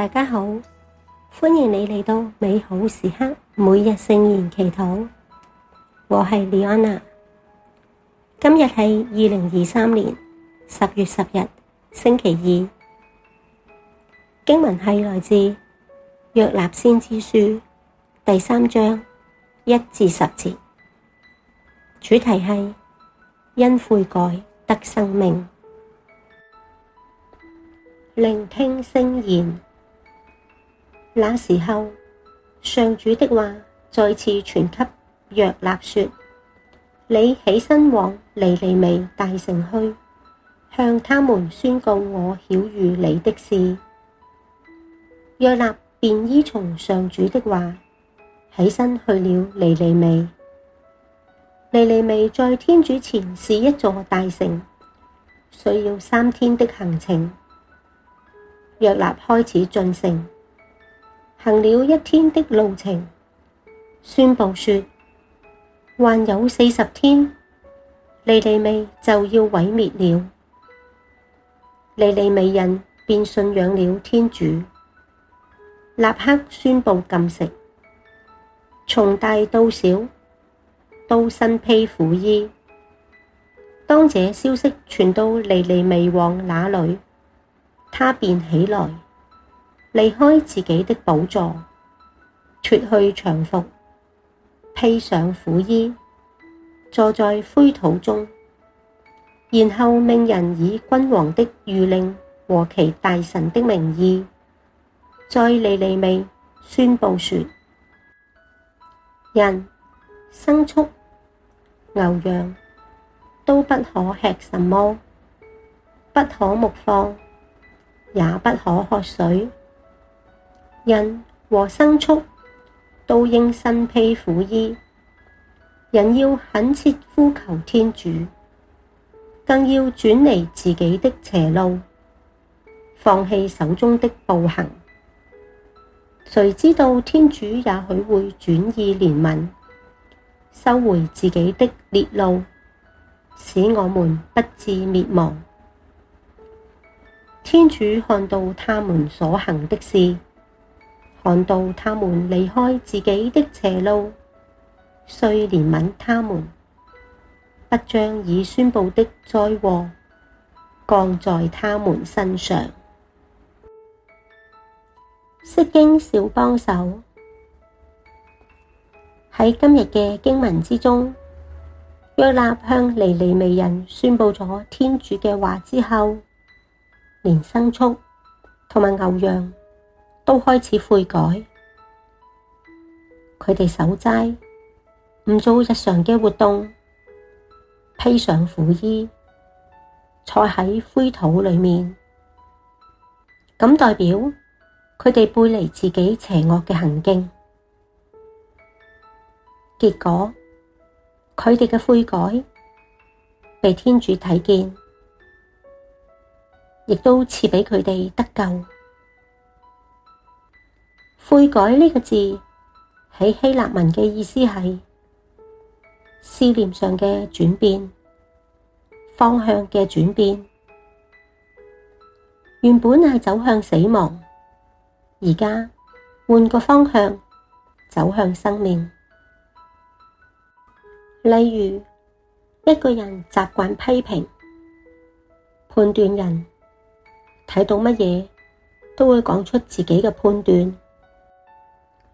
大家好，歡迎你嚟到美好時刻每日聖言祈禱，我係李安娜。今日係二零二三年十月十日星期二，經文係來自約納先知書第三章一至十節，主題係因悔改得生命，聆聽聖言。那時候，上主的話再次傳給約納說：「你起身往尼尼微大城去，向他們宣告我曉諭你的事。」約納便依從上主的話，起身去了尼尼微。尼尼微在天主前是一座大城，需要三天的行程。約納開始進城。行了一天的路程，宣佈說還有四十天，尼尼微就要毀滅了。尼尼微人便信仰了天主，立刻宣佈禁食，從大到小都身披苦衣。當這消息傳到尼尼微王那裡，他便起來，離開自己的寶座，脫去長服，披上苦衣，坐在灰土中，然後命人以君王的諭令和其大臣的名義，在尼尼微宣佈說，人、牲畜、牛羊都不可吃什麼，不可牧放，也不可喝水。人和牲畜都應身披苦衣，人要懇切呼求天主，更要轉離自己的邪路，放棄手中的暴行。誰知道天主也許會轉意憐憫，收回自己的烈怒，使我們不致滅亡。天主看到他們所行的事。看到他們離開自己的邪路，遂憐憫他們，不將已宣布的災禍降在他們身上。釋經小幫手，喺今日嘅經文之中，約納向尼尼微人宣布咗天主嘅話之後，連牲畜同埋牛羊。都開始悔改，佢哋守齋，唔做日常嘅活動，披上苦衣，坐喺灰土裏面，咁代表佢哋背離自己邪惡嘅行徑。結果，佢哋嘅悔改被天主睇見，亦都賜俾佢哋得救。悔改呢個字喺希臘文嘅意思係思念上嘅轉變，方向嘅轉變。原本係走向死亡，而家換個方向走向生命。例如，一個人習慣批評、判斷人，睇到乜嘢都會講出自己嘅判斷。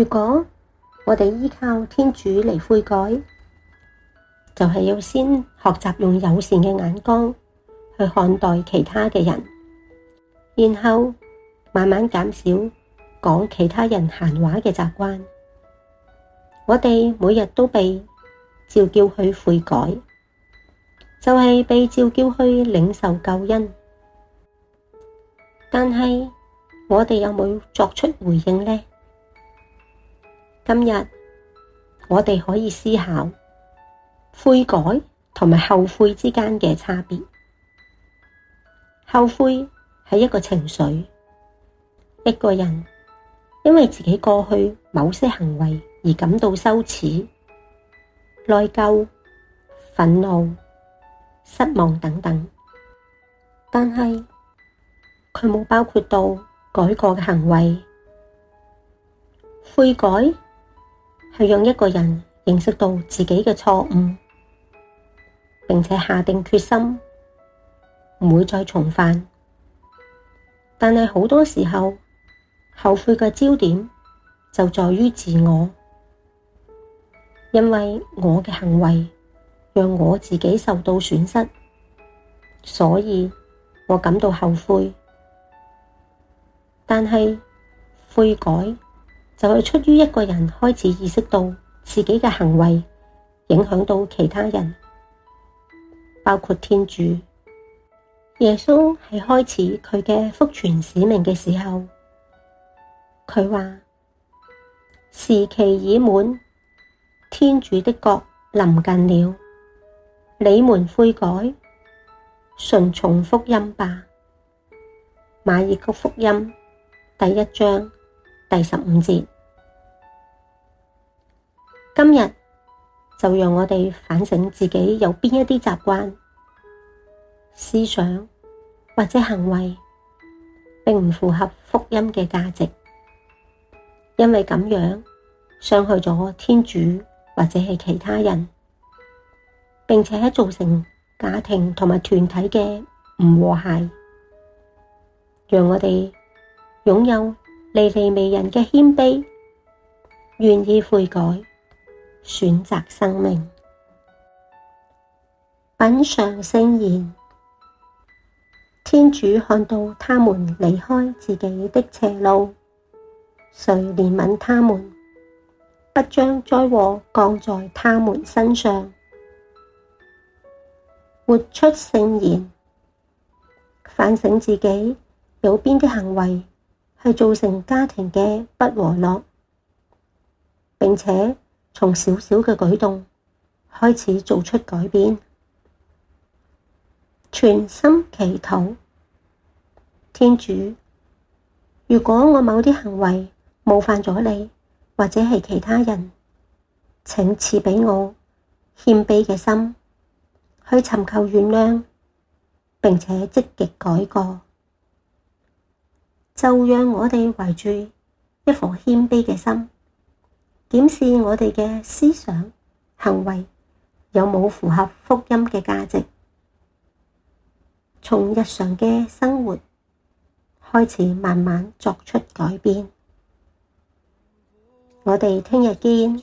如果我哋依靠天主嚟悔改，就係要先學習用友善嘅眼光去看待其他嘅人，然後慢慢減少講其他人閒話嘅習慣。我哋每日都被召叫去悔改，就係被召叫去領受救恩，但係我哋有冇作出回應呢？今日我哋可以思考悔改同埋後悔之間嘅差別。後悔係一個情緒，一個人因為自己過去某些行為而感到羞恥、內疚、憤怒、失望等等，但係佢冇包括到改過嘅行為。悔改。係讓一個人認識到自己嘅錯誤，並且下定決心唔會再重犯。但係好多時候，後悔嘅焦點就在於自我，因為我嘅行為讓我自己受到損失，所以我感到後悔。但係悔改。就係出於一個人開始意識到自己嘅行為影響到其他人，包括天主。耶穌係開始佢嘅福傳使命嘅時候，佢話，時期已滿，天主的國臨近了，你們悔改，順從福音吧。馬爾谷福音第一章。第十五節，今日就讓我哋反省自己有邊一啲習慣、思想或者行為，並唔符合福音嘅價值，因為咁樣傷害咗天主或者係其他人，並且造成家庭同埋團體嘅唔和諧，讓我哋擁有。尼尼微人嘅謙卑，願意悔改，選擇生命，品嘗聖言。天主看到他們離開自己的邪路，遂憐憫他們，不將災禍降在他們身上，活出聖言，反省自己有邊啲行為。係造成家庭嘅不和樂，並且從小小嘅舉動開始做出改變，全心祈禱，天主，如果我某啲行為冒犯咗你或者係其他人，請賜畀我謙卑嘅心去尋求原諒，並且積極改過。就讓我哋懷住一顆謙卑嘅心，檢視我哋嘅思想行為有冇符合福音嘅價值，從日常嘅生活開始慢慢作出改變。我哋聽日見。